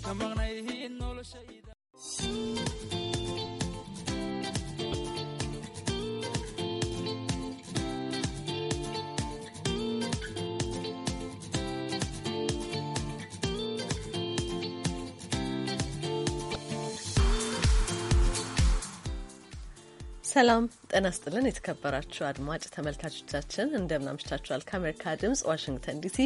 ka maqnayhiin noloshayda ሰላም ጤና ይስጥልን። የተከበራችሁ አድማጭ ተመልካቾቻችን እንደምን አምሽታችኋል? ከአሜሪካ ድምጽ ዋሽንግተን ዲሲ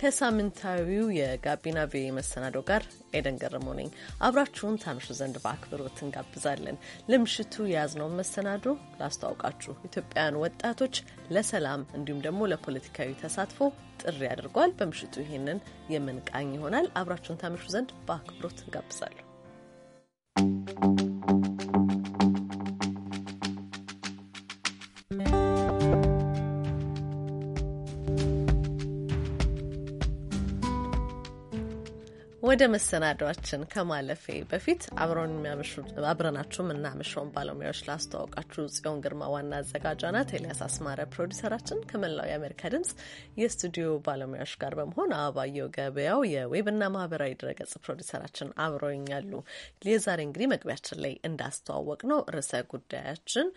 ከሳምንታዊው የጋቢና ቪ መሰናዶ ጋር ኤደን ገረመው ነኝ። አብራችሁን ታምሹ ዘንድ በአክብሮት እንጋብዛለን። ለምሽቱ የያዝነውን መሰናዶ ላስተዋውቃችሁ። ኢትዮጵያውያን ወጣቶች ለሰላም እንዲሁም ደግሞ ለፖለቲካዊ ተሳትፎ ጥሪ አድርጓል። በምሽቱ ይህንን የምንቃኝ ይሆናል። አብራችሁን ታምሹ ዘንድ በአክብሮት እንጋብዛለሁ። ወደ መሰናዷችን ከማለፌ በፊት አብረናችሁ የምናመሸውን ባለሙያዎች ላስተዋወቃችሁ። ጽዮን ግርማ ዋና አዘጋጇ ናት። ኤልያስ አስማረ ፕሮዲሰራችን ከመላው የአሜሪካ ድምጽ የስቱዲዮ ባለሙያዎች ጋር በመሆን አበባየው ገበያው የዌብና ማህበራዊ ድረገጽ ፕሮዲሰራችን አብረውኛሉ። የዛሬ እንግዲህ መግቢያችን ላይ እንዳስተዋወቅ ነው ርዕሰ ጉዳያችን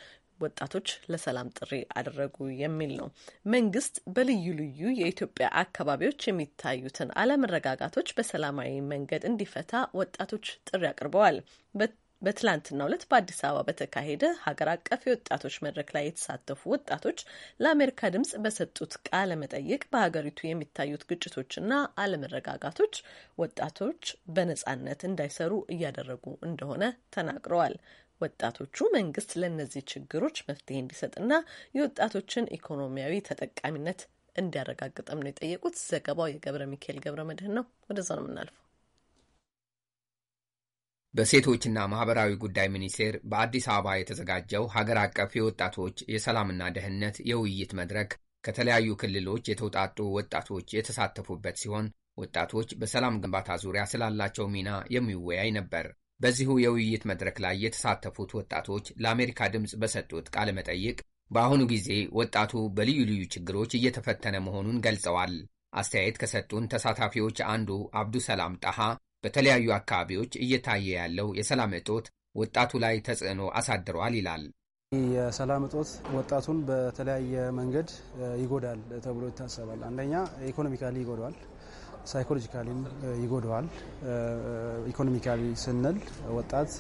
ወጣቶች ለሰላም ጥሪ አደረጉ የሚል ነው። መንግስት በልዩ ልዩ የኢትዮጵያ አካባቢዎች የሚታዩትን አለመረጋጋቶች በሰላማዊ መንገድ እንዲፈታ ወጣቶች ጥሪ አቅርበዋል። በትላንትና ዕለት በአዲስ አበባ በተካሄደ ሀገር አቀፍ የወጣቶች መድረክ ላይ የተሳተፉ ወጣቶች ለአሜሪካ ድምጽ በሰጡት ቃለ መጠይቅ በሀገሪቱ የሚታዩት ግጭቶችና አለመረጋጋቶች ወጣቶች በነጻነት እንዳይሰሩ እያደረጉ እንደሆነ ተናግረዋል። ወጣቶቹ መንግስት ለእነዚህ ችግሮች መፍትሄ እንዲሰጥና የወጣቶችን ኢኮኖሚያዊ ተጠቃሚነት እንዲያረጋግጠም ነው የጠየቁት። ዘገባው የገብረ ሚካኤል ገብረ መድህን ነው። ወደዛ ነው የምናልፈው። በሴቶችና ማህበራዊ ጉዳይ ሚኒስቴር በአዲስ አበባ የተዘጋጀው ሀገር አቀፍ የወጣቶች የሰላምና ደህንነት የውይይት መድረክ ከተለያዩ ክልሎች የተውጣጡ ወጣቶች የተሳተፉበት ሲሆን ወጣቶች በሰላም ግንባታ ዙሪያ ስላላቸው ሚና የሚወያይ ነበር። በዚሁ የውይይት መድረክ ላይ የተሳተፉት ወጣቶች ለአሜሪካ ድምፅ በሰጡት ቃለ መጠይቅ በአሁኑ ጊዜ ወጣቱ በልዩ ልዩ ችግሮች እየተፈተነ መሆኑን ገልጸዋል። አስተያየት ከሰጡን ተሳታፊዎች አንዱ አብዱ ሰላም ጣሃ በተለያዩ አካባቢዎች እየታየ ያለው የሰላም እጦት ወጣቱ ላይ ተጽዕኖ አሳድሯል ይላል። የሰላም እጦት ወጣቱን በተለያየ መንገድ ይጎዳል ተብሎ ይታሰባል። አንደኛ ኢኮኖሚካሊ ይጎዳዋል። ሳይኮሎጂካሊም ይጎደዋል። ኢኮኖሚካሊ ስንል ወጣት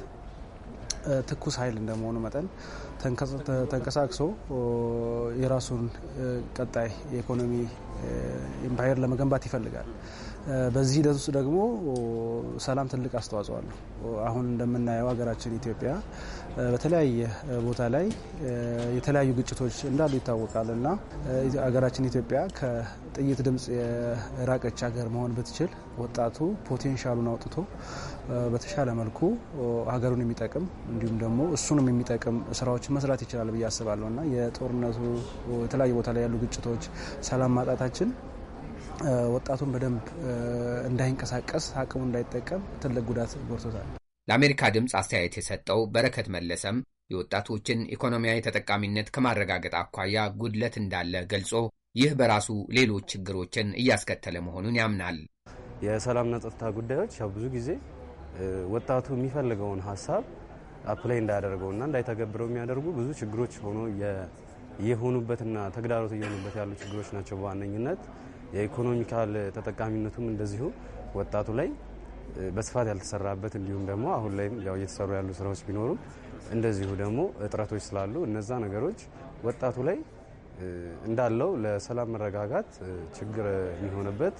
ትኩስ ኃይል እንደመሆኑ መጠን ተንቀሳቅሶ የራሱን ቀጣይ የኢኮኖሚ ኢምፓየር ለመገንባት ይፈልጋል። በዚህ ሂደት ውስጥ ደግሞ ሰላም ትልቅ አስተዋጽኦ አለው። አሁን እንደምናየው ሀገራችን ኢትዮጵያ በተለያየ ቦታ ላይ የተለያዩ ግጭቶች እንዳሉ ይታወቃል እና አገራችን ኢትዮጵያ ከጥይት ድምፅ የራቀች ሀገር መሆን ብትችል ወጣቱ ፖቴንሻሉን አውጥቶ በተሻለ መልኩ ሀገሩን የሚጠቅም እንዲሁም ደግሞ እሱንም የሚጠቅም ስራዎችን መስራት ይችላል ብዬ አስባለሁ እና የጦርነቱ የተለያዩ ቦታ ላይ ያሉ ግጭቶች፣ ሰላም ማጣታችን ወጣቱን በደንብ እንዳይንቀሳቀስ አቅሙ እንዳይጠቀም ትልቅ ጉዳት ጎርቶታል። ለአሜሪካ ድምፅ አስተያየት የሰጠው በረከት መለሰም የወጣቶችን ኢኮኖሚያዊ ተጠቃሚነት ከማረጋገጥ አኳያ ጉድለት እንዳለ ገልጾ ይህ በራሱ ሌሎች ችግሮችን እያስከተለ መሆኑን ያምናል። የሰላምና ጸጥታ ጉዳዮች ያው ብዙ ጊዜ ወጣቱ የሚፈልገውን ሀሳብ አፕላይ እንዳያደርገውና እንዳይተገብረው የሚያደርጉ ብዙ ችግሮች ሆኖ የሆኑበትና ተግዳሮት እየሆኑበት ያሉ ችግሮች ናቸው። በዋነኝነት የኢኮኖሚካል ተጠቃሚነቱም እንደዚሁ ወጣቱ ላይ በስፋት ያልተሰራበት እንዲሁም ደግሞ አሁን ላይም ያው እየተሰሩ ያሉ ስራዎች ቢኖሩም እንደዚሁ ደግሞ እጥረቶች ስላሉ እነዛ ነገሮች ወጣቱ ላይ እንዳለው ለሰላም መረጋጋት ችግር የሚሆንበት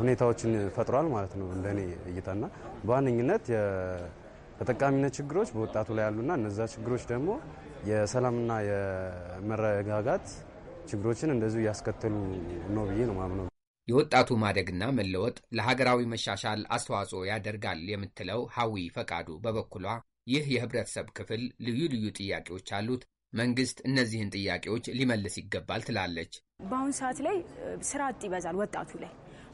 ሁኔታዎችን ፈጥሯል ማለት ነው። እንደኔ እይታና በዋነኝነት የተጠቃሚነት ችግሮች በወጣቱ ላይ ያሉና እነዛ ችግሮች ደግሞ የሰላምና የመረጋጋት ችግሮችን እንደዚሁ እያስከተሉ ነው ብዬ ነው ማምነው። የወጣቱ ማደግና መለወጥ ለሀገራዊ መሻሻል አስተዋጽኦ ያደርጋል የምትለው ሐዊ ፈቃዱ በበኩሏ ይህ የህብረተሰብ ክፍል ልዩ ልዩ ጥያቄዎች አሉት፣ መንግስት እነዚህን ጥያቄዎች ሊመልስ ይገባል ትላለች። በአሁኑ ሰዓት ላይ ስራ አጥ ይበዛል ወጣቱ ላይ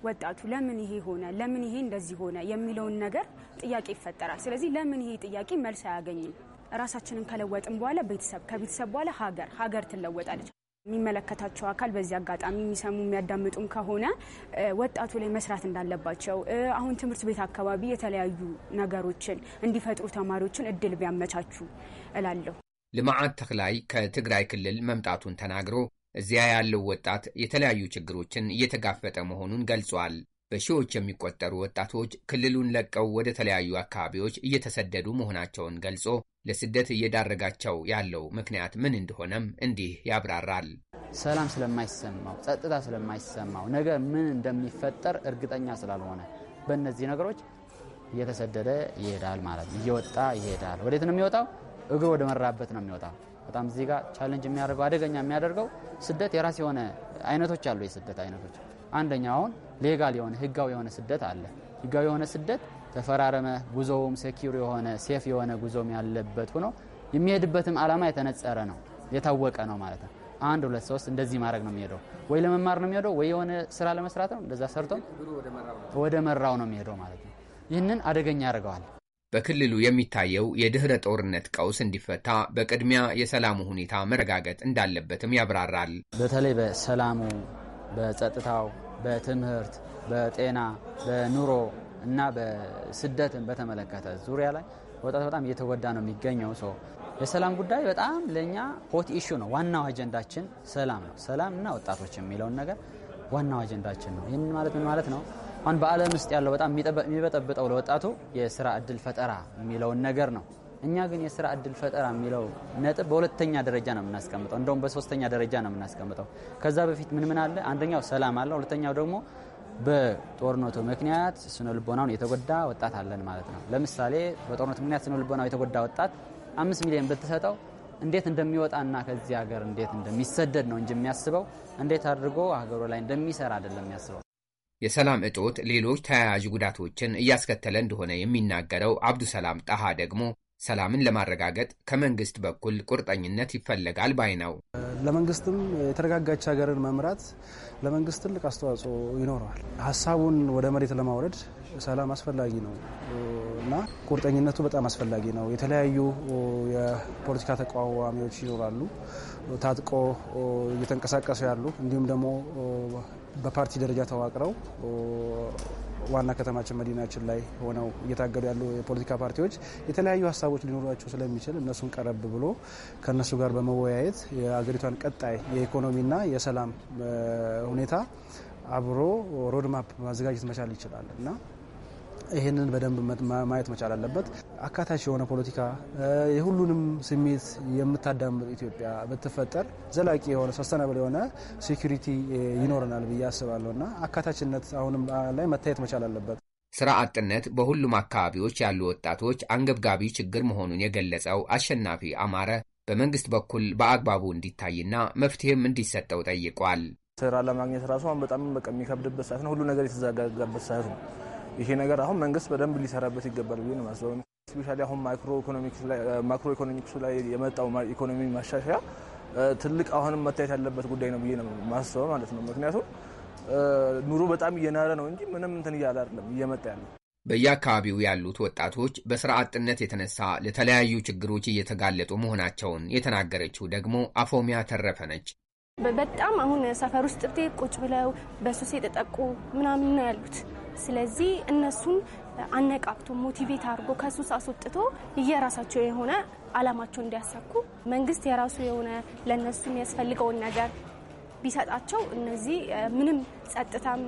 ወጣቱ ለምን ይሄ ሆነ፣ ለምን ይሄ እንደዚህ ሆነ የሚለውን ነገር ጥያቄ ይፈጠራል። ስለዚህ ለምን ይሄ ጥያቄ መልስ አያገኝም? እራሳችንን ከለወጥን በኋላ ቤተሰብ፣ ከቤተሰብ በኋላ ሀገር፣ ሀገር ትለወጣለች። የሚመለከታቸው አካል በዚህ አጋጣሚ የሚሰሙ የሚያዳምጡም ከሆነ ወጣቱ ላይ መስራት እንዳለባቸው አሁን ትምህርት ቤት አካባቢ የተለያዩ ነገሮችን እንዲፈጥሩ ተማሪዎችን እድል ቢያመቻቹ እላለሁ። ልማዓት ተክላይ ከትግራይ ክልል መምጣቱን ተናግሮ እዚያ ያለው ወጣት የተለያዩ ችግሮችን እየተጋፈጠ መሆኑን ገልጿል። በሺዎች የሚቆጠሩ ወጣቶች ክልሉን ለቀው ወደ ተለያዩ አካባቢዎች እየተሰደዱ መሆናቸውን ገልጾ ለስደት እየዳረጋቸው ያለው ምክንያት ምን እንደሆነም እንዲህ ያብራራል። ሰላም ስለማይሰማው፣ ጸጥታ ስለማይሰማው፣ ነገ ምን እንደሚፈጠር እርግጠኛ ስላልሆነ በእነዚህ ነገሮች እየተሰደደ ይሄዳል ማለት ነው። እየወጣ ይሄዳል። ወዴት ነው የሚወጣው? እግር ወደ መራበት ነው የሚወጣው። በጣም እዚህ ጋር ቻለንጅ የሚያደርገው አደገኛ የሚያደርገው ስደት የራስ የሆነ አይነቶች አሉ። የስደት አይነቶች አንደኛውን ሌጋል የሆነ ህጋዊ የሆነ ስደት አለ። ህጋዊ የሆነ ስደት ተፈራረመ፣ ጉዞውም ሴኪር የሆነ ሴፍ የሆነ ጉዞም ያለበት ሆኖ የሚሄድበትም አላማ የተነጸረ ነው የታወቀ ነው ማለት ነው። አንድ ሁለት ሶስት እንደዚህ ማድረግ ነው የሚሄደው። ወይ ለመማር ነው የሚሄደው፣ ወይ የሆነ ስራ ለመስራት ነው። እንደዛ ሰርቶ ወደ መራው ነው የሚሄደው ማለት ነው። ይህንን አደገኛ ያደርገዋል። በክልሉ የሚታየው የድህረ ጦርነት ቀውስ እንዲፈታ በቅድሚያ የሰላሙ ሁኔታ መረጋገጥ እንዳለበትም ያብራራል። በተለይ በሰላሙ በጸጥታው፣ በትምህርት፣ በጤና፣ በኑሮ እና በስደትን በተመለከተ ዙሪያ ላይ ወጣት በጣም እየተጎዳ ነው የሚገኘው። ሰው የሰላም ጉዳይ በጣም ለእኛ ሆት ኢሹ ነው። ዋናው አጀንዳችን ሰላም ነው። ሰላም እና ወጣቶች የሚለውን ነገር ዋናው አጀንዳችን ነው። ይህን ማለት ምን ማለት ነው? አሁን በዓለም ውስጥ ያለው በጣም የሚበጠብጠው ለወጣቱ የስራ እድል ፈጠራ የሚለውን ነገር ነው። እኛ ግን የስራ እድል ፈጠራ የሚለው ነጥብ በሁለተኛ ደረጃ ነው የምናስቀምጠው። እንደውም በሶስተኛ ደረጃ ነው የምናስቀምጠው። ከዛ በፊት ምን ምን አለ? አንደኛው ሰላም አለ። ሁለተኛው ደግሞ በጦርነቱ ምክንያት ስነ ልቦናውን የተጎዳ ወጣት አለን ማለት ነው። ለምሳሌ በጦርነቱ ምክንያት ስነ ልቦናው የተጎዳ ወጣት አምስት ሚሊዮን ብትሰጠው እንዴት እንደሚወጣና ከዚህ ሀገር እንዴት እንደሚሰደድ ነው እንጂ የሚያስበው እንዴት አድርጎ ሀገሩ ላይ እንደሚሰራ አይደለም የሚያስበው። የሰላም እጦት ሌሎች ተያያዥ ጉዳቶችን እያስከተለ እንደሆነ የሚናገረው አብዱሰላም ጣሃ ደግሞ ሰላምን ለማረጋገጥ ከመንግስት በኩል ቁርጠኝነት ይፈለጋል ባይ ነው። ለመንግስትም የተረጋጋች ሀገርን መምራት ለመንግስት ትልቅ አስተዋጽኦ ይኖረዋል። ሀሳቡን ወደ መሬት ለማውረድ ሰላም አስፈላጊ ነው እና ቁርጠኝነቱ በጣም አስፈላጊ ነው። የተለያዩ የፖለቲካ ተቃዋሚዎች ይኖራሉ፣ ታጥቆ እየተንቀሳቀሱ ያሉ እንዲሁም ደግሞ በፓርቲ ደረጃ ተዋቅረው ዋና ከተማችን መዲናችን ላይ ሆነው እየታገዱ ያሉ የፖለቲካ ፓርቲዎች የተለያዩ ሀሳቦች ሊኖሯቸው ስለሚችል እነሱን ቀረብ ብሎ ከእነሱ ጋር በመወያየት የአገሪቷን ቀጣይ የኢኮኖሚና የሰላም ሁኔታ አብሮ ሮድማፕ ማዘጋጀት መቻል ይችላል እና ይህንን በደንብ ማየት መቻል አለበት። አካታች የሆነ ፖለቲካ የሁሉንም ስሜት የምታዳምጥ ኢትዮጵያ ብትፈጠር ዘላቂ የሆነ ሰስተናብል የሆነ ሴኩሪቲ ይኖረናል ብዬ አስባለሁ እና አካታችነት አሁንም ላይ መታየት መቻል አለበት። ስራ አጥነት በሁሉም አካባቢዎች ያሉ ወጣቶች አንገብጋቢ ችግር መሆኑን የገለጸው አሸናፊ አማረ በመንግስት በኩል በአግባቡ እንዲታይና መፍትሄም እንዲሰጠው ጠይቋል። ስራ ለማግኘት ራሱ አሁን በጣም በቃ የሚከብድበት ሰዓት ነው። ሁሉ ነገር የተዘጋጋበት ሰዓት ነው። ይሄ ነገር አሁን መንግስት በደንብ ሊሰራበት ይገባል ብዬ ነው የማስበው። ስፔሻሊ አሁን ማክሮ ኢኮኖሚክሱ ላይ የመጣው ኢኮኖሚ ማሻሻያ ትልቅ አሁንም መታየት ያለበት ጉዳይ ነው ብዬ ነው የማስበው ማለት ነው። ምክንያቱም ኑሮ በጣም እየናረ ነው እንጂ ምንም እንትን እያለ አይደለም እየመጣ ያለው። በየአካባቢው ያሉት ወጣቶች በስራ አጥነት የተነሳ ለተለያዩ ችግሮች እየተጋለጡ መሆናቸውን የተናገረችው ደግሞ አፎሚያ ተረፈ ነች። በጣም አሁን ሰፈር ውስጥ ቁጭ ብለው በሱስ የተጠቁ ምናምን ነው ያሉት ስለዚህ እነሱን አነቃቅቶ ሞቲቬት አድርጎ ከሱስ አስወጥቶ እየራሳቸው የሆነ አላማቸው እንዲያሳኩ መንግስት የራሱ የሆነ ለእነሱ የሚያስፈልገውን ነገር ቢሰጣቸው እነዚህ ምንም ጸጥታም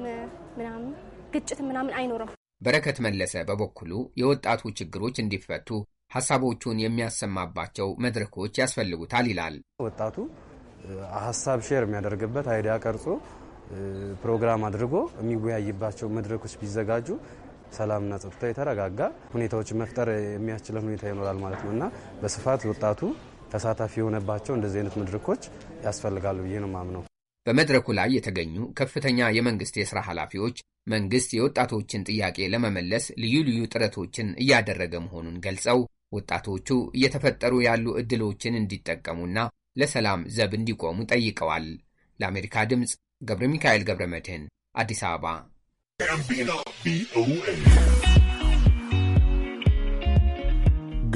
ምናምን ግጭት ምናምን አይኖርም። በረከት መለሰ በበኩሉ የወጣቱ ችግሮች እንዲፈቱ ሀሳቦቹን የሚያሰማባቸው መድረኮች ያስፈልጉታል ይላል። ወጣቱ ሀሳብ ሼር የሚያደርግበት አይዲያ ቀርጾ ፕሮግራም አድርጎ የሚወያይባቸው መድረኮች ቢዘጋጁ ሰላምና ጸጥታ የተረጋጋ ሁኔታዎች መፍጠር የሚያስችለን ሁኔታ ይኖራል ማለት ነው እና በስፋት ወጣቱ ተሳታፊ የሆነባቸው እንደዚህ አይነት መድረኮች ያስፈልጋሉ ብዬ ነው ማምነው። በመድረኩ ላይ የተገኙ ከፍተኛ የመንግስት የስራ ኃላፊዎች መንግስት የወጣቶችን ጥያቄ ለመመለስ ልዩ ልዩ ጥረቶችን እያደረገ መሆኑን ገልጸው ወጣቶቹ እየተፈጠሩ ያሉ እድሎችን እንዲጠቀሙና ለሰላም ዘብ እንዲቆሙ ጠይቀዋል። ለአሜሪካ ድምፅ ገብረ ሚካኤል ገብረ መድህን አዲስ አበባ።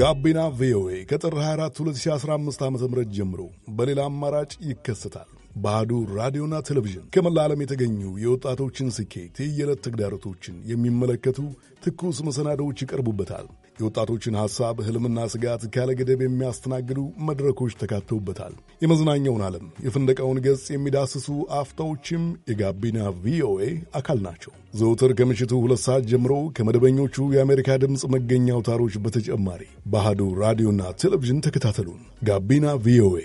ጋቢና ቪኦኤ ከጥር 24 2015 ዓ ም ጀምሮ በሌላ አማራጭ ይከሰታል። ባህዱ ራዲዮና ቴሌቪዥን ከመላ ዓለም የተገኙ የወጣቶችን ስኬት፣ የየዕለት ተግዳሮቶችን የሚመለከቱ ትኩስ መሰናዶዎች ይቀርቡበታል። የወጣቶችን ሐሳብ፣ ህልምና ስጋት ካለገደብ የሚያስተናግዱ መድረኮች ተካተውበታል። የመዝናኛውን ዓለም፣ የፍንደቃውን ገጽ የሚዳስሱ አፍታዎችም የጋቢና ቪኦኤ አካል ናቸው። ዘውትር ከምሽቱ ሁለት ሰዓት ጀምሮ ከመደበኞቹ የአሜሪካ ድምፅ መገኛ አውታሮች በተጨማሪ በአሃዱ ራዲዮና ቴሌቪዥን ተከታተሉን። ጋቢና ቪኦኤ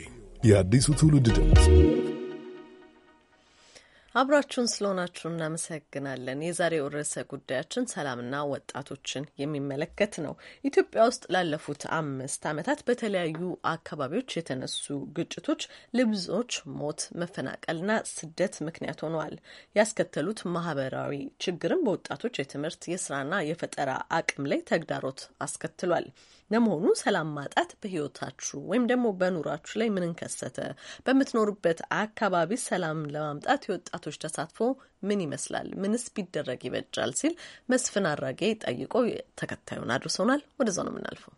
የአዲሱ ትውልድ ድምፅ አብራችሁን ስለሆናችሁ እናመሰግናለን። የዛሬው ርዕሰ ጉዳያችን ሰላምና ወጣቶችን የሚመለከት ነው። ኢትዮጵያ ውስጥ ላለፉት አምስት ዓመታት በተለያዩ አካባቢዎች የተነሱ ግጭቶች ለብዙዎች ሞት፣ መፈናቀልና ስደት ምክንያት ሆነዋል። ያስከተሉት ማህበራዊ ችግርም በወጣቶች የትምህርት የስራና የፈጠራ አቅም ላይ ተግዳሮት አስከትሏል። ለመሆኑ ሰላም ማጣት በህይወታችሁ ወይም ደግሞ በኑሯችሁ ላይ ምን ከሰተ? በምትኖሩበት አካባቢ ሰላም ለማምጣት የወጣቶች ተሳትፎ ምን ይመስላል? ምንስ ቢደረግ ይበጃል? ሲል መስፍን አራጌ ጠይቆ ተከታዩን አድርሶናል። ወደዛ ነው የምናልፈው።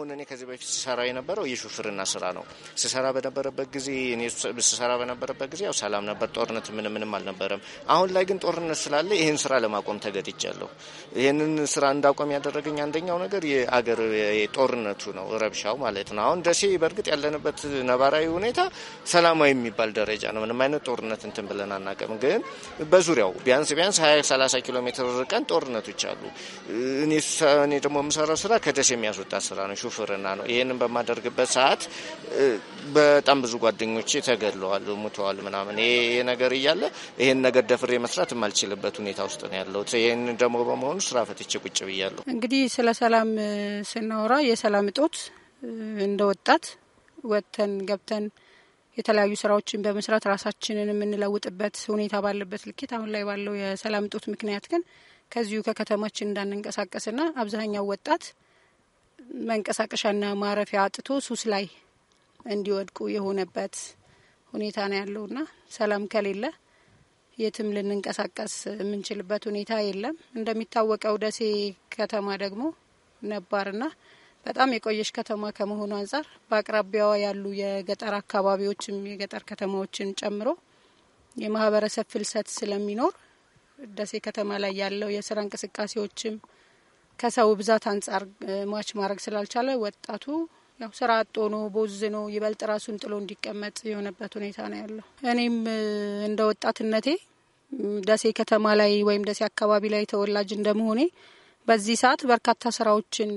አሁን እኔ ከዚህ በፊት ስሰራ የነበረው የሹፍርና ስራ ነው። ስሰራ በነበረበት ጊዜ እኔ ስሰራ በነበረበት ጊዜ ያው ሰላም ነበር፣ ጦርነት ምን ምንም አልነበረም። አሁን ላይ ግን ጦርነት ስላለ ይህን ስራ ለማቆም ተገድጃለሁ። ይህንን ስራ እንዳቆም ያደረገኝ አንደኛው ነገር የአገር ጦርነቱ ነው፣ ረብሻው ማለት ነው። አሁን ደሴ በእርግጥ ያለንበት ነባራዊ ሁኔታ ሰላማዊ የሚባል ደረጃ ነው። ምንም አይነት ጦርነት እንትን ብለን አናውቅም። ግን በዙሪያው ቢያንስ ቢያንስ ሀያ ሰላሳ ኪሎ ሜትር ርቀን ጦርነቶች አሉ። እኔ ደግሞ የምሰራው ስራ ከደሴ የሚያስወጣ ስራ ነው ሹፍርና ነው። ይህንን በማደርግበት ሰዓት በጣም ብዙ ጓደኞች ተገድለዋል፣ ሙተዋል፣ ምናምን ይሄ ነገር እያለ ይህን ነገር ደፍሬ መስራት የማልችልበት ሁኔታ ውስጥ ነው ያለሁት። ይህን ደግሞ በመሆኑ ስራ ፈትቼ ቁጭ ብያለሁ። እንግዲህ ስለ ሰላም ስናወራ የሰላም እጦት እንደ ወጣት ወጥተን ገብተን የተለያዩ ስራዎችን በመስራት ራሳችንን የምንለውጥበት ሁኔታ ባለበት ልኬት አሁን ላይ ባለው የሰላም እጦት ምክንያት ግን ከዚሁ ከከተማችን እንዳንንቀሳቀስና አብዛኛው ወጣት መንቀሳቀሻና ማረፊያ አጥቶ ሱስ ላይ እንዲወድቁ የሆነበት ሁኔታ ነው ያለውና ሰላም ከሌለ የትም ልንንቀሳቀስ የምንችልበት ሁኔታ የለም። እንደሚታወቀው ደሴ ከተማ ደግሞ ነባርና በጣም የቆየች ከተማ ከመሆኑ አንጻር በአቅራቢያዋ ያሉ የገጠር አካባቢዎችም የገጠር ከተማዎችን ጨምሮ የማህበረሰብ ፍልሰት ስለሚኖር ደሴ ከተማ ላይ ያለው የስራ እንቅስቃሴዎችም ከሰው ብዛት አንጻር ሟች ማድረግ ስላልቻለ ወጣቱ ያው ስራ አጦ ነው ቦዝኖ ይበልጥ ራሱን ጥሎ እንዲቀመጥ የሆነበት ሁኔታ ነው ያለው። እኔም እንደ ወጣትነቴ ደሴ ከተማ ላይ ወይም ደሴ አካባቢ ላይ ተወላጅ እንደመሆኔ በዚህ ሰዓት በርካታ ስራዎችን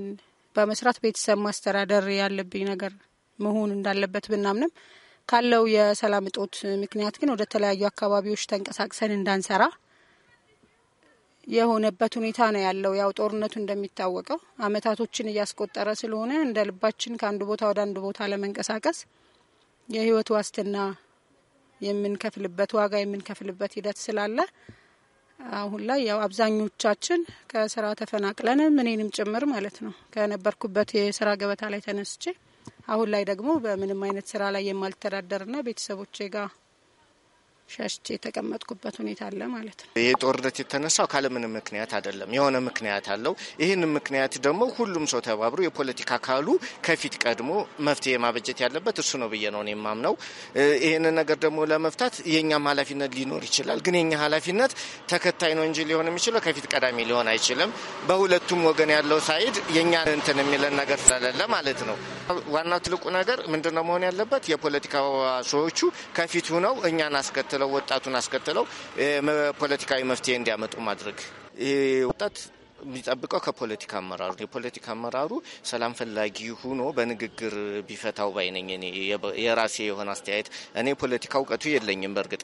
በመስራት ቤተሰብ ማስተዳደር ያለብኝ ነገር መሆን እንዳለበት ብናምንም ካለው የሰላም እጦት ምክንያት ግን ወደ ተለያዩ አካባቢዎች ተንቀሳቅሰን እንዳንሰራ የሆነበት ሁኔታ ነው ያለው። ያው ጦርነቱ እንደሚታወቀው አመታቶችን እያስቆጠረ ስለሆነ እንደ ልባችን ከአንዱ ቦታ ወደ አንዱ ቦታ ለመንቀሳቀስ የህይወት ዋስትና የምንከፍልበት ዋጋ የምንከፍልበት ሂደት ስላለ አሁን ላይ ያው አብዛኞቻችን ከስራ ተፈናቅለንም እኔንም ጭምር ማለት ነው ከነበርኩበት የስራ ገበታ ላይ ተነስቼ አሁን ላይ ደግሞ በምንም አይነት ስራ ላይ የማልተዳደርና ቤተሰቦቼ ጋር ሸሽቼ የተቀመጥኩበት ሁኔታ አለ ማለት ነው። ይህ ጦርነት የተነሳው ካለምንም ምክንያት አይደለም። የሆነ ምክንያት አለው። ይህን ምክንያት ደግሞ ሁሉም ሰው ተባብሮ የፖለቲካ አካሉ ከፊት ቀድሞ መፍትሄ ማበጀት ያለበት እሱ ነው ብዬ ነው የማምነው። ይህን ነገር ደግሞ ለመፍታት የእኛም ኃላፊነት ሊኖር ይችላል። ግን የኛ ኃላፊነት ተከታይ ነው እንጂ ሊሆን የሚችለው ከፊት ቀዳሚ ሊሆን አይችልም። በሁለቱም ወገን ያለው ሳይድ የእኛ እንትን የሚለን ነገር ስለሌለ ማለት ነው። ዋናው ትልቁ ነገር ምንድነው መሆን ያለበት የፖለቲካ ሰዎቹ ከፊት ሁነው እኛን አስከት አስከትለው ወጣቱን አስከትለው ፖለቲካዊ መፍትሄ እንዲያመጡ ማድረግ ይህ ወጣት የሚጠብቀው ከፖለቲካ አመራሩ የፖለቲካ አመራሩ ሰላም ፈላጊ ሁኖ በንግግር ቢፈታው ባይነኝ። እኔ የራሴ የሆነ አስተያየት እኔ ፖለቲካ እውቀቱ የለኝም። በእርግጥ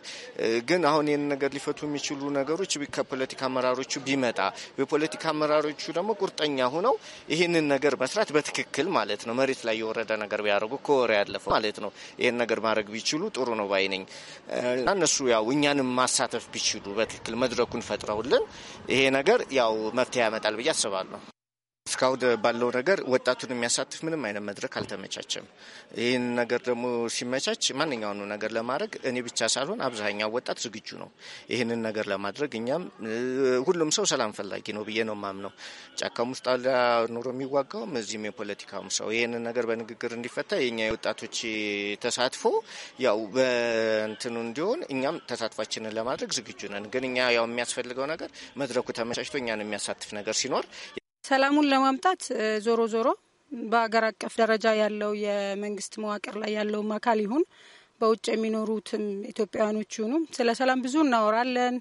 ግን አሁን ይህን ነገር ሊፈቱ የሚችሉ ነገሮች ከፖለቲካ አመራሮቹ ቢመጣ የፖለቲካ አመራሮቹ ደግሞ ቁርጠኛ ሁነው ይህንን ነገር መስራት በትክክል ማለት ነው መሬት ላይ የወረደ ነገር ቢያደርጉ ከወረ ያለፈው ማለት ነው ይህን ነገር ማድረግ ቢችሉ ጥሩ ነው ባይነኝ እና እነሱ ያው እኛንም ማሳተፍ ቢችሉ በትክክል መድረኩን ፈጥረውልን ይሄ ነገር ያው መፍትሄ Metal Villasovar እስካሁን ባለው ነገር ወጣቱን የሚያሳትፍ ምንም አይነት መድረክ አልተመቻቸም። ይህን ነገር ደግሞ ሲመቻች ማንኛውኑ ነገር ለማድረግ እኔ ብቻ ሳልሆን አብዛኛው ወጣት ዝግጁ ነው ይህንን ነገር ለማድረግ። እኛም ሁሉም ሰው ሰላም ፈላጊ ነው ብዬ ነው ማምነው። ጫካም ውስጥ አለ ኑሮ የሚዋጋውም እዚህም የፖለቲካውም ሰው ይህንን ነገር በንግግር እንዲፈታ የኛ የወጣቶች ተሳትፎ ያው በእንትኑ እንዲሆን እኛም ተሳትፏችንን ለማድረግ ዝግጁ ነን። ግን እኛ ያው የሚያስፈልገው ነገር መድረኩ ተመቻችቶ እኛን የሚያሳትፍ ነገር ሲኖር ሰላሙን ለማምጣት ዞሮ ዞሮ በሀገር አቀፍ ደረጃ ያለው የመንግስት መዋቅር ላይ ያለውም አካል ይሁን በውጭ የሚኖሩትም ኢትዮጵያውያኖች ይሁኑ ስለ ሰላም ብዙ እናወራለን።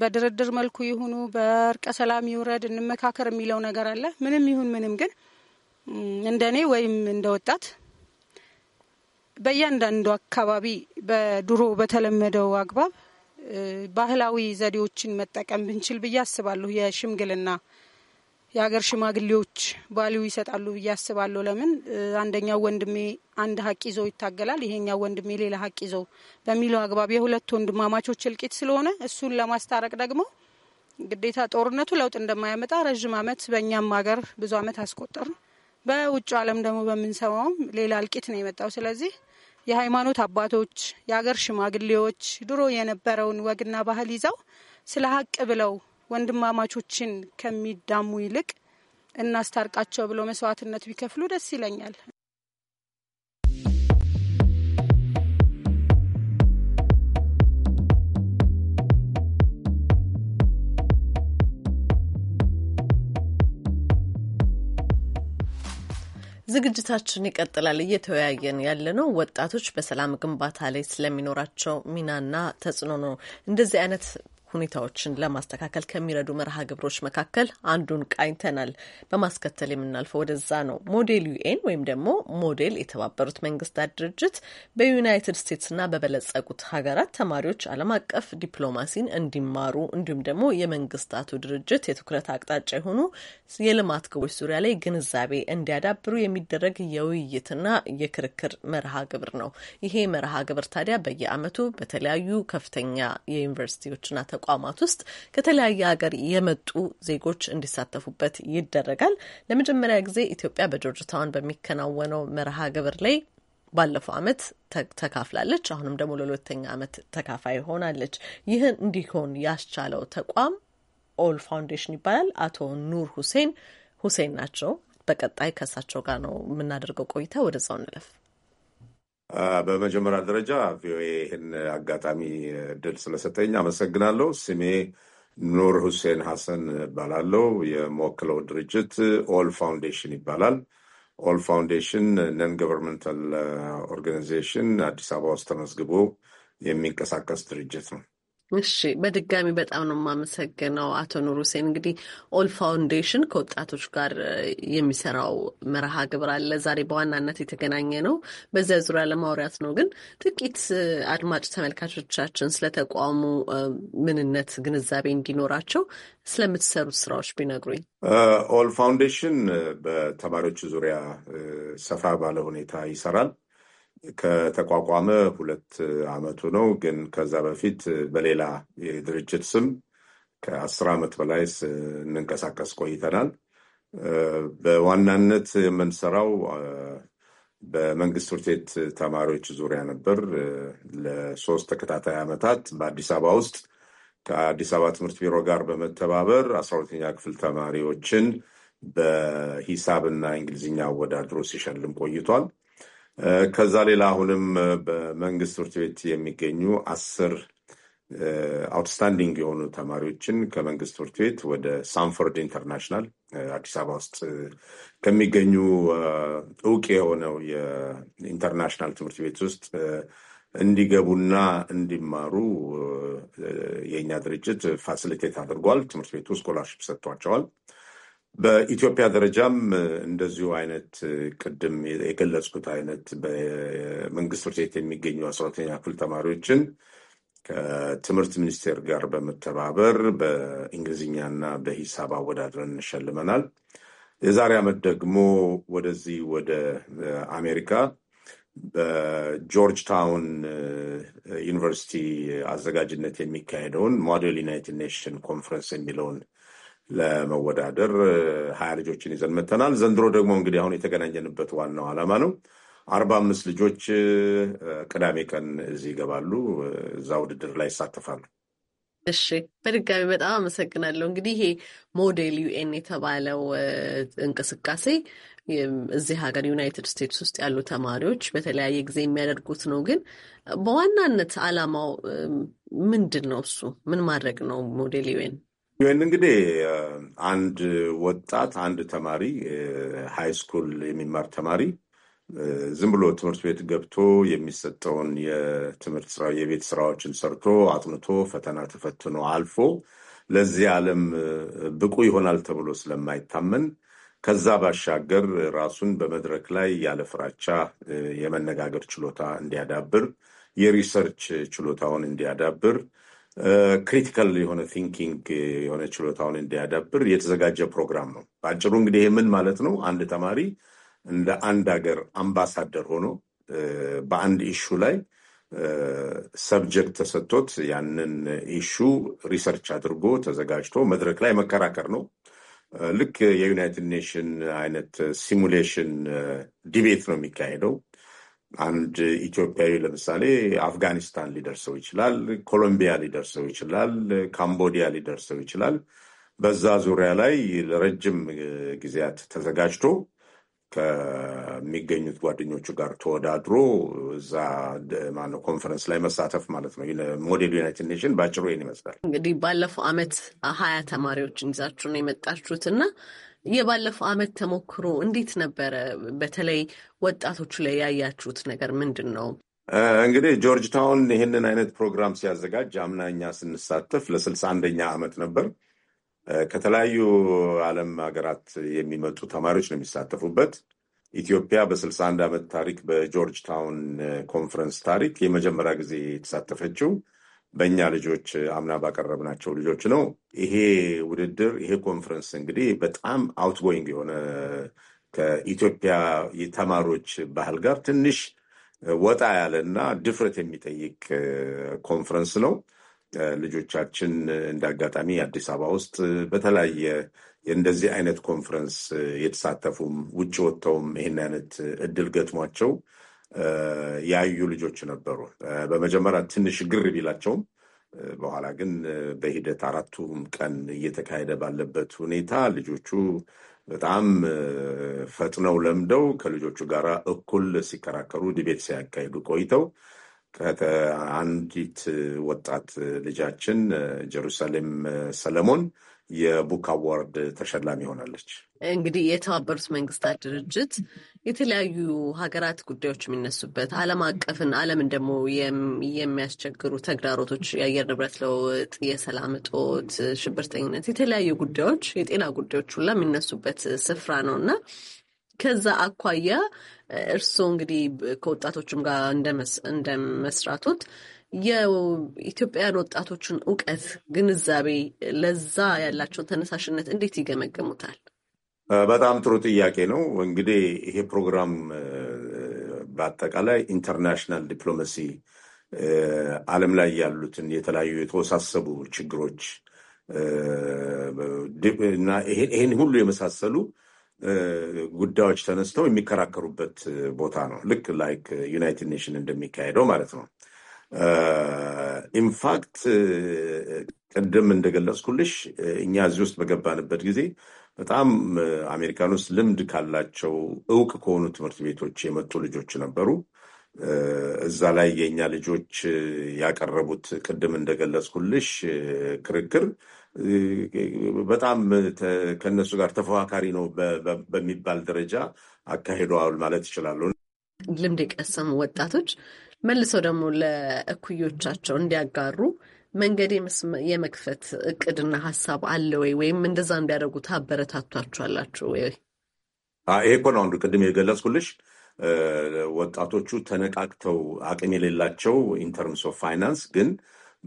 በድርድር መልኩ ይሁኑ በእርቀ ሰላም ይውረድ እንመካከር የሚለው ነገር አለ። ምንም ይሁን ምንም ግን እንደ እኔ ወይም እንደ ወጣት በእያንዳንዱ አካባቢ በድሮ በተለመደው አግባብ ባህላዊ ዘዴዎችን መጠቀም ብንችል ብዬ አስባለሁ። የሽምግልና የሀገር ሽማግሌዎች ባሊው ይሰጣሉ ብዬ አስባለሁ። ለምን አንደኛው ወንድሜ አንድ ሀቅ ይዞ ይታገላል፣ ይሄኛው ወንድሜ ሌላ ሀቅ ይዞ በሚለው አግባብ የሁለት ወንድማማቾች እልቂት ስለሆነ እሱን ለማስታረቅ ደግሞ ግዴታ ጦርነቱ ለውጥ እንደማያመጣ ረዥም ዓመት በእኛም ሀገር ብዙ ዓመት አስቆጠር። በውጭ ዓለም ደግሞ በምንሰማውም ሌላ እልቂት ነው የመጣው። ስለዚህ የሃይማኖት አባቶች፣ የሀገር ሽማግሌዎች ድሮ የነበረውን ወግና ባህል ይዘው ስለ ሀቅ ብለው ወንድማማቾችን ከሚዳሙ ይልቅ እናስታርቃቸው ብለው መስዋዕትነት ቢከፍሉ ደስ ይለኛል። ዝግጅታችን ይቀጥላል። እየተወያየን ያለነው ወጣቶች በሰላም ግንባታ ላይ ስለሚኖራቸው ሚናና ተጽዕኖ ነው። እንደዚህ አይነት ሁኔታዎችን ለማስተካከል ከሚረዱ መርሃ ግብሮች መካከል አንዱን ቃኝተናል። በማስከተል የምናልፈው ወደዛ ነው። ሞዴል ዩኤን ወይም ደግሞ ሞዴል የተባበሩት መንግስታት ድርጅት በዩናይትድ ስቴትስና በበለጸጉት ሀገራት ተማሪዎች ዓለም አቀፍ ዲፕሎማሲን እንዲማሩ እንዲሁም ደግሞ የመንግስታቱ ድርጅት የትኩረት አቅጣጫ የሆኑ የልማት ግቦች ዙሪያ ላይ ግንዛቤ እንዲያዳብሩ የሚደረግ የውይይትና የክርክር መርሃ ግብር ነው። ይሄ መርሃ ግብር ታዲያ በየአመቱ በተለያዩ ከፍተኛ የዩኒቨርሲቲዎችና ተቋ ተቋማት ውስጥ ከተለያየ ሀገር የመጡ ዜጎች እንዲሳተፉበት ይደረጋል። ለመጀመሪያ ጊዜ ኢትዮጵያ በጆርጅ ታውን በሚከናወነው መርሃ ግብር ላይ ባለፈው ዓመት ተካፍላለች። አሁንም ደግሞ ለሁለተኛ ዓመት ተካፋይ ሆናለች። ይህን እንዲሆን ያስቻለው ተቋም ኦል ፋውንዴሽን ይባላል። አቶ ኑር ሁሴን ሁሴን ናቸው። በቀጣይ ከእሳቸው ጋር ነው የምናደርገው ቆይታ። ወደዛው እንለፍ። በመጀመሪያ ደረጃ ቪኦኤ ይህን አጋጣሚ እድል ስለሰጠኝ አመሰግናለሁ። ስሜ ኑር ሁሴን ሐሰን እባላለሁ። የመወክለው ድርጅት ኦል ፋውንዴሽን ይባላል። ኦል ፋውንዴሽን ነን ገቨርንመንታል ኦርጋናይዜሽን አዲስ አበባ ውስጥ ተመዝግቦ የሚንቀሳቀስ ድርጅት ነው። እሺ በድጋሚ በጣም ነው የማመሰግነው አቶ ኑር ሁሴን። እንግዲህ ኦል ፋውንዴሽን ከወጣቶች ጋር የሚሰራው መርሃ ግብር አለ። ዛሬ በዋናነት የተገናኘ ነው በዚያ ዙሪያ ለማውሪያት ነው። ግን ጥቂት አድማጭ ተመልካቾቻችን ስለ ተቋሙ ምንነት ግንዛቤ እንዲኖራቸው ስለምትሰሩት ስራዎች ቢነግሩኝ። ኦል ፋውንዴሽን በተማሪዎች ዙሪያ ሰፋ ባለ ሁኔታ ይሰራል። ከተቋቋመ ሁለት ዓመቱ ነው። ግን ከዛ በፊት በሌላ የድርጅት ስም ከአስር ዓመት በላይ እንንቀሳቀስ ቆይተናል። በዋናነት የምንሰራው በመንግስት ትምህርት ቤት ተማሪዎች ዙሪያ ነበር። ለሶስት ተከታታይ ዓመታት በአዲስ አበባ ውስጥ ከአዲስ አበባ ትምህርት ቢሮ ጋር በመተባበር አስራ ሁለተኛ ክፍል ተማሪዎችን በሂሳብና እንግሊዝኛ አወዳድሮ ሲሸልም ቆይቷል። ከዛ ሌላ አሁንም በመንግስት ትምህርት ቤት የሚገኙ አስር አውትስታንዲንግ የሆኑ ተማሪዎችን ከመንግስት ትምህርት ቤት ወደ ሳንፎርድ ኢንተርናሽናል አዲስ አበባ ውስጥ ከሚገኙ እውቅ የሆነው የኢንተርናሽናል ትምህርት ቤት ውስጥ እንዲገቡና እንዲማሩ የእኛ ድርጅት ፋሲሊቴት አድርጓል። ትምህርት ቤቱ ስኮላርሽፕ ሰጥቷቸዋል። በኢትዮጵያ ደረጃም እንደዚሁ አይነት ቅድም የገለጽኩት አይነት በመንግስት ትምህርት ቤት የሚገኙ አስራ ሁለተኛ ክፍል ተማሪዎችን ከትምህርት ሚኒስቴር ጋር በመተባበር በእንግሊዝኛና በሂሳብ አወዳድረን እንሸልመናል። የዛሬ ዓመት ደግሞ ወደዚህ ወደ አሜሪካ በጆርጅ ታውን ዩኒቨርሲቲ አዘጋጅነት የሚካሄደውን ሞዴል ዩናይትድ ኔሽን ኮንፈረንስ የሚለውን ለመወዳደር ሀያ ልጆችን ይዘን መተናል። ዘንድሮ ደግሞ እንግዲህ አሁን የተገናኘንበት ዋናው ዓላማ ነው። አርባ አምስት ልጆች ቅዳሜ ቀን እዚህ ይገባሉ፣ እዛ ውድድር ላይ ይሳተፋሉ። እሺ በድጋሚ በጣም አመሰግናለሁ። እንግዲህ ይሄ ሞዴል ዩኤን የተባለው እንቅስቃሴ እዚህ ሀገር ዩናይትድ ስቴትስ ውስጥ ያሉ ተማሪዎች በተለያየ ጊዜ የሚያደርጉት ነው። ግን በዋናነት አላማው ምንድን ነው? እሱ ምን ማድረግ ነው ሞዴል ዩኤን? ይህን እንግዲህ አንድ ወጣት አንድ ተማሪ ሃይ ስኩል የሚማር ተማሪ ዝም ብሎ ትምህርት ቤት ገብቶ የሚሰጠውን የትምህርት ስራ የቤት ስራዎችን ሰርቶ አጥንቶ ፈተና ተፈትኖ አልፎ ለዚህ ዓለም ብቁ ይሆናል ተብሎ ስለማይታመን ከዛ ባሻገር ራሱን በመድረክ ላይ ያለ ፍራቻ የመነጋገር ችሎታ እንዲያዳብር፣ የሪሰርች ችሎታውን እንዲያዳብር ክሪቲካል የሆነ ቲንኪንግ የሆነ ችሎታውን እንዲያዳብር የተዘጋጀ ፕሮግራም ነው። በአጭሩ እንግዲህ ምን ማለት ነው? አንድ ተማሪ እንደ አንድ ሀገር አምባሳደር ሆኖ በአንድ ኢሹ ላይ ሰብጀክት ተሰጥቶት ያንን ኢሹ ሪሰርች አድርጎ ተዘጋጅቶ መድረክ ላይ መከራከር ነው። ልክ የዩናይትድ ኔሽን አይነት ሲሙሌሽን ዲቤት ነው የሚካሄደው። አንድ ኢትዮጵያዊ ለምሳሌ አፍጋኒስታን ሊደርሰው ይችላል፣ ኮሎምቢያ ሊደርሰው ይችላል፣ ካምቦዲያ ሊደርሰው ይችላል። በዛ ዙሪያ ላይ ለረጅም ጊዜያት ተዘጋጅቶ ከሚገኙት ጓደኞቹ ጋር ተወዳድሮ እዛ ማነው ኮንፈረንስ ላይ መሳተፍ ማለት ነው። ሞዴል ዩናይትድ ኔሽን በአጭሩ ይህን ይመስላል። እንግዲህ ባለፈው ዓመት ሀያ ተማሪዎችን ይዛችሁ ነው የመጣችሁት እና የባለፈው አመት ተሞክሮ እንዴት ነበረ? በተለይ ወጣቶቹ ላይ ያያችሁት ነገር ምንድን ነው? እንግዲህ ጆርጅ ታውን ይህንን አይነት ፕሮግራም ሲያዘጋጅ አምናኛ ስንሳተፍ ለስልሳ አንደኛ ዓመት ነበር። ከተለያዩ ዓለም ሀገራት የሚመጡ ተማሪዎች ነው የሚሳተፉበት። ኢትዮጵያ በስልሳ አንድ ዓመት ታሪክ በጆርጅ ታውን ኮንፈረንስ ታሪክ የመጀመሪያ ጊዜ የተሳተፈችው በእኛ ልጆች አምና ባቀረብናቸው ልጆች ነው። ይሄ ውድድር ይሄ ኮንፈረንስ እንግዲህ በጣም አውትጎይንግ የሆነ ከኢትዮጵያ የተማሪዎች ባህል ጋር ትንሽ ወጣ እና ድፍረት የሚጠይቅ ኮንፈረንስ ነው። ልጆቻችን እንደ አጋጣሚ አዲስ አበባ ውስጥ በተለያየ እንደዚህ አይነት ኮንፈረንስ የተሳተፉም ውጭ ወጥተውም ይህን አይነት እድል ገጥሟቸው ያዩ ልጆች ነበሩ። በመጀመሪያ ትንሽ ግር ቢላቸውም በኋላ ግን በሂደት አራቱም ቀን እየተካሄደ ባለበት ሁኔታ ልጆቹ በጣም ፈጥነው ለምደው ከልጆቹ ጋር እኩል ሲከራከሩ ዲቤት ሲያካሂዱ ቆይተው አንዲት ወጣት ልጃችን ጀሩሳሌም ሰለሞን የቡክ አዋርድ ተሸላሚ ሆናለች። እንግዲህ የተባበሩት መንግስታት ድርጅት የተለያዩ ሀገራት ጉዳዮች የሚነሱበት ዓለም አቀፍን ዓለምን ደግሞ የሚያስቸግሩ ተግዳሮቶች፣ የአየር ንብረት ለውጥ፣ የሰላም እጦት፣ ሽብርተኝነት፣ የተለያዩ ጉዳዮች፣ የጤና ጉዳዮች ሁላ የሚነሱበት ስፍራ ነው እና ከዛ አኳያ እርስዎ እንግዲህ ከወጣቶችም ጋር እንደመስራቶት የኢትዮጵያውያን ወጣቶችን እውቀት፣ ግንዛቤ፣ ለዛ ያላቸውን ተነሳሽነት እንዴት ይገመገሙታል? በጣም ጥሩ ጥያቄ ነው። እንግዲህ ይሄ ፕሮግራም በአጠቃላይ ኢንተርናሽናል ዲፕሎማሲ ዓለም ላይ ያሉትን የተለያዩ የተወሳሰቡ ችግሮች እና ይህን ሁሉ የመሳሰሉ ጉዳዮች ተነስተው የሚከራከሩበት ቦታ ነው። ልክ ላይክ ዩናይትድ ኔሽን እንደሚካሄደው ማለት ነው። ኢንፋክት ቅድም እንደገለጽኩልሽ እኛ እዚህ ውስጥ በገባንበት ጊዜ በጣም አሜሪካን ውስጥ ልምድ ካላቸው እውቅ ከሆኑ ትምህርት ቤቶች የመጡ ልጆች ነበሩ። እዛ ላይ የእኛ ልጆች ያቀረቡት ቅድም እንደገለጽኩልሽ ክርክር በጣም ከእነሱ ጋር ተፎካካሪ ነው በሚባል ደረጃ አካሂደዋል ማለት ይችላሉ። ልምድ የቀሰሙ ወጣቶች መልሰው ደግሞ ለእኩዮቻቸው እንዲያጋሩ መንገድ የመክፈት እቅድና ሀሳብ አለ ወይ? ወይም እንደዛ እንዲያደርጉ ታበረታቷቸዋላችሁ ወይ? ይሄ እኮ ነው አንዱ ቅድም የገለጽኩልሽ ወጣቶቹ ተነቃቅተው አቅም የሌላቸው ኢንተርምስ ኦፍ ፋይናንስ ግን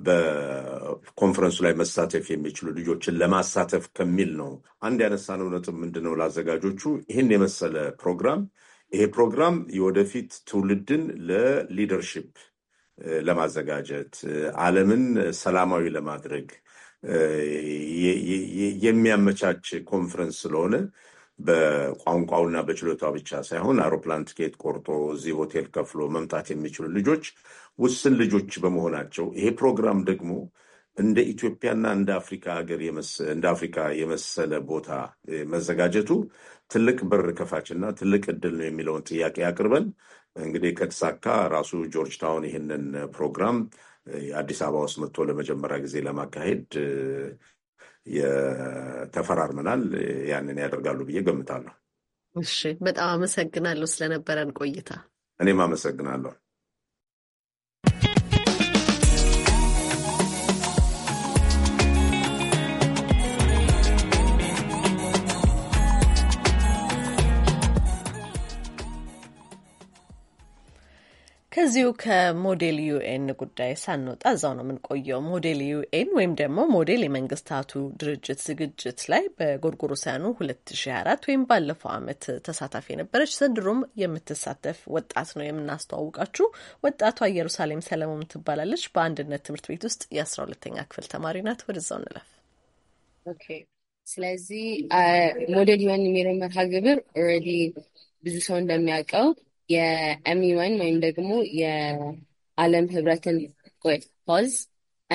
በኮንፈረንሱ ላይ መሳተፍ የሚችሉ ልጆችን ለማሳተፍ ከሚል ነው። አንድ ያነሳነው ነጥብ ምንድነው ለአዘጋጆቹ ይህን የመሰለ ፕሮግራም ይሄ ፕሮግራም የወደፊት ትውልድን ለሊደርሽፕ ለማዘጋጀት ዓለምን ሰላማዊ ለማድረግ የሚያመቻች ኮንፈረንስ ስለሆነ በቋንቋውና በችሎታው ብቻ ሳይሆን አውሮፕላን ትኬት ቆርጦ እዚህ ሆቴል ከፍሎ መምጣት የሚችሉ ልጆች ውስን ልጆች በመሆናቸው ይሄ ፕሮግራም ደግሞ እንደ ኢትዮጵያና እንደ አፍሪካ ሀገር እንደ አፍሪካ የመሰለ ቦታ መዘጋጀቱ ትልቅ በር ከፋችና ትልቅ እድል ነው የሚለውን ጥያቄ አቅርበን እንግዲህ ከተሳካ ራሱ ጆርጅ ታውን ይህንን ፕሮግራም አዲስ አበባ ውስጥ መጥቶ ለመጀመሪያ ጊዜ ለማካሄድ ተፈራርመናል። ያንን ያደርጋሉ ብዬ ገምታለሁ። እሺ፣ በጣም አመሰግናለሁ ስለነበረን ቆይታ። እኔም አመሰግናለሁ። ከዚሁ ከሞዴል ዩኤን ጉዳይ ሳንወጣ እዛው ነው የምንቆየው። ሞዴል ዩኤን ወይም ደግሞ ሞዴል የመንግስታቱ ድርጅት ዝግጅት ላይ በጎርጎሮሳያኑ 2024 ወይም ባለፈው ዓመት ተሳታፊ የነበረች ዘንድሮም የምትሳተፍ ወጣት ነው የምናስተዋውቃችሁ። ወጣቷ ኢየሩሳሌም ሰለሞን ትባላለች። በአንድነት ትምህርት ቤት ውስጥ የአስራ ሁለተኛ ክፍል ተማሪ ናት። ወደዛው እንለፍ። ስለዚህ ሞዴል ዩኤን የሚለው መርሃ ግብር ኦልሬዲ ብዙ ሰው እንደሚያውቀው የኤምዩኤን ወይም ደግሞ የዓለም ህብረትን ፖዝ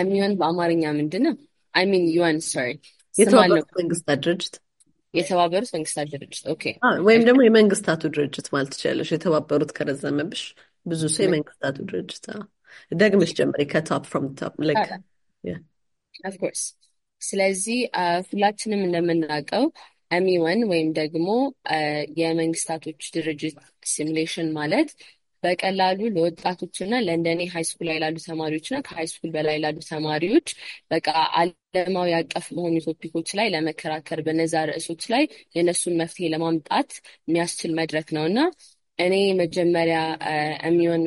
ኤምዩኤን በአማርኛ ምንድን ነው? አይ ሚን ዩኤን ሶሪ፣ የተባበሩት መንግስታት ድርጅት የተባበሩት መንግስታት ድርጅት ኦኬ። ወይም ደግሞ የመንግስታቱ ድርጅት ማለት ትችላለሽ። የተባበሩት ከረዘመብሽ ብዙ ሰው የመንግስታቱ ድርጅት ደግመሽ ጀምሪ ከቶፕ ፍሮም ቶፕ ላይክ ኦፍኮርስ። ስለዚህ ሁላችንም እንደምናውቀው ኤሚወን ወይም ደግሞ የመንግስታቶች ድርጅት ሲሙሌሽን ማለት በቀላሉ ለወጣቶችና ለእንደኔ ሃይስኩል ላይ ላሉ ተማሪዎችና ከሃይስኩል በላይ ላሉ ተማሪዎች በቃ አለማዊ አቀፍ በሆኑ ቶፒኮች ላይ ለመከራከር በነዛ ርዕሶች ላይ የእነሱን መፍትሄ ለማምጣት የሚያስችል መድረክ ነው እና እኔ መጀመሪያ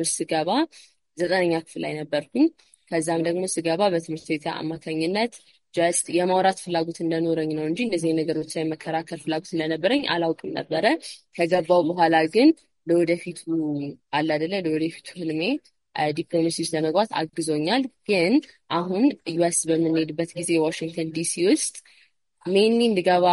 ውስጥ ስገባ ዘጠነኛ ክፍል ላይ ነበርኩኝ። ከዛም ደግሞ ስገባ በትምህርት ቤት አማካኝነት ጀስት የማውራት ፍላጎት እንደኖረኝ ነው እንጂ እንደዚህ ነገሮች ላይ መከራከር ፍላጎት እንደነበረኝ አላውቅም ነበረ። ከገባው በኋላ ግን ለወደፊቱ አላደለ ለወደፊቱ ህልሜ ዲፕሎማሲ ውስጥ ለመግባት አግዞኛል። ግን አሁን ዩኤስ በምንሄድበት ጊዜ ዋሽንግተን ዲሲ ውስጥ ሜንሊ እንድገባ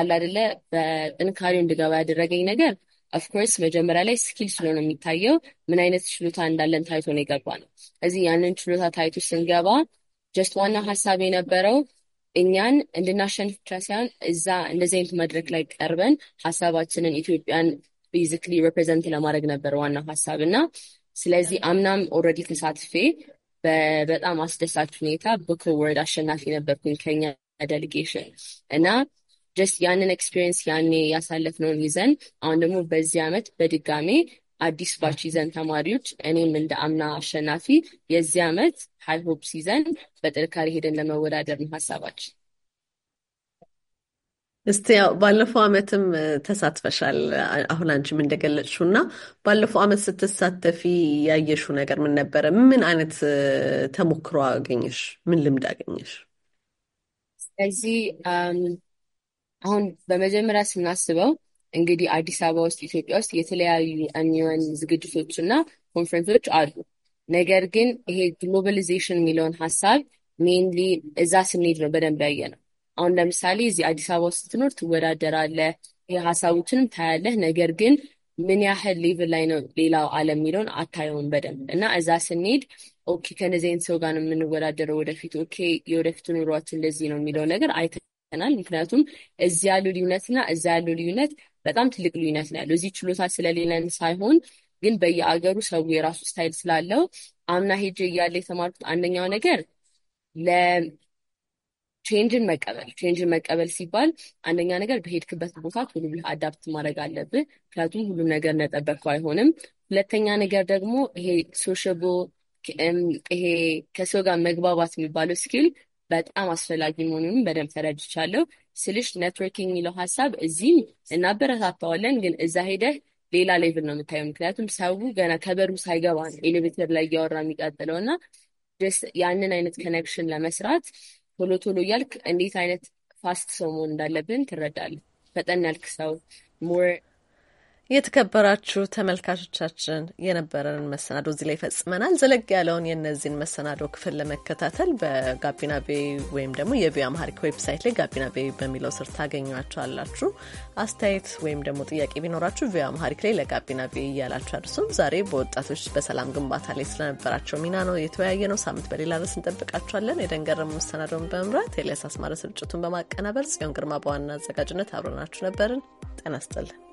አላደለ በጥንካሬው እንድገባ ያደረገኝ ነገር ኦፍኮርስ መጀመሪያ ላይ ስኪል ስለሆነ የሚታየው ምን አይነት ችሎታ እንዳለን ታይቶ ነው የገባ ነው። እዚህ ያንን ችሎታ ታይቶ ስንገባ ጀስት ዋና ሀሳብ የነበረው እኛን እንድናሸንፍ ብቻ ሳይሆን እዛ እንደዚህ አይነት መድረክ ላይ ቀርበን ሀሳባችንን ኢትዮጵያን ቤዚክሊ ሪፕሬዘንት ለማድረግ ነበር ዋና ሀሳብ እና ስለዚህ አምናም ኦልሬዲ ተሳትፌ በጣም አስደሳች ሁኔታ ቡክ አዋርድ አሸናፊ ነበርኩኝ ከኛ ዴሊጌሽን እና ጀስት ያንን ኤክስፒሪየንስ ያኔ ያሳለፍነውን ይዘን አሁን ደግሞ በዚህ ዓመት በድጋሜ አዲስ ባች ይዘን ተማሪዎች እኔም እንደ አምና አሸናፊ የዚህ ዓመት ሃይሆፕ ሲዘን በጥንካሬ ሄደን ለመወዳደር ነው ሀሳባችን። እስቲ ያው ባለፈው ዓመትም ተሳትፈሻል። አሁን አንቺም እንደገለጽሽው እና ባለፈው ዓመት ስትሳተፊ ያየሽው ነገር ምን ነበረ? ምን አይነት ተሞክሮ አገኘሽ? ምን ልምድ አገኘሽ? ስለዚህ አሁን በመጀመሪያ ስናስበው እንግዲህ አዲስ አበባ ውስጥ ኢትዮጵያ ውስጥ የተለያዩ አኒዋን ዝግጅቶች እና ኮንፈረንሶች አሉ። ነገር ግን ይሄ ግሎባሊዜሽን የሚለውን ሀሳብ ሜንሊ እዛ ስንሄድ ነው በደንብ ያየ ነው። አሁን ለምሳሌ እዚህ አዲስ አበባ ውስጥ ስትኖር ትወዳደራለህ፣ ይሄ ሀሳቦችንም ታያለህ። ነገር ግን ምን ያህል ሌቭል ላይ ነው ሌላው ዓለም የሚለውን አታየውም በደንብ እና እዛ ስንሄድ ኦኬ ከነዚህ አይነት ሰው ጋር ነው የምንወዳደረው ወደፊት ኦኬ የወደፊቱ ኑሯችን እንደዚህ ነው የሚለው ነገር አይተናል። ምክንያቱም እዚህ ያሉ ልዩነትና እዛ ያሉ ልዩነት በጣም ትልቅ ልዩነት ነው ያለው። እዚህ ችሎታ ስለሌለን ሳይሆን ግን በየአገሩ ሰው የራሱ ስታይል ስላለው አምና ሄጄ እያለ የተማርኩት አንደኛው ነገር ለቼንጅን መቀበል ቼንጅን መቀበል ሲባል አንደኛ ነገር በሄድክበት ቦታ ቶሎ ብለህ አዳፕት ማድረግ አለብህ። ምክንያቱም ሁሉም ነገር እንደጠበቅከው አይሆንም። ሁለተኛ ነገር ደግሞ ይሄ ሶሻቦ ይሄ ከሰው ጋር መግባባት የሚባለው ስኪል በጣም አስፈላጊ መሆኑንም በደንብ ተረድቻለሁ። ስልሽ ኔትወርኪንግ የሚለው ሀሳብ እዚህም እናበረታታዋለን፣ ግን እዛ ሄደህ ሌላ ሌቭል ነው የምታየው። ምክንያቱም ሰው ገና ከበሩ ሳይገባ ነው ኤሌቬተር ላይ እያወራ የሚቀጥለው እና ያንን አይነት ኮኔክሽን ለመስራት ቶሎ ቶሎ እያልክ እንዴት አይነት ፋስት ሰው መሆን እንዳለብን ትረዳለህ። ፈጠን ያልክ ሰው ሞር የተከበራችሁ ተመልካቾቻችን የነበረንን መሰናዶ እዚህ ላይ ይፈጽመናል። ዘለግ ያለውን የእነዚህን መሰናዶ ክፍል ለመከታተል በጋቢና ቤ ወይም ደግሞ የቪ አምሃሪክ ዌብሳይት ላይ ጋቢና ቤ በሚለው ስር ታገኟቸዋላችሁ። አስተያየት ወይም ደግሞ ጥያቄ ቢኖራችሁ ቪ አምሃሪክ ላይ ለጋቢና ቤ እያላችሁ አድርሱም። ዛሬ በወጣቶች በሰላም ግንባታ ላይ ስለነበራቸው ሚና ነው የተወያየ ነው። ሳምንት በሌላ ርዕስ እንጠብቃችኋለን። የደንገረሙ መሰናዶውን በመምራት ኤልያስ አስማረ፣ ስርጭቱን በማቀናበር ጽዮን ግርማ በዋና አዘጋጅነት አብረናችሁ ነበርን። ጤና ይስጥልን።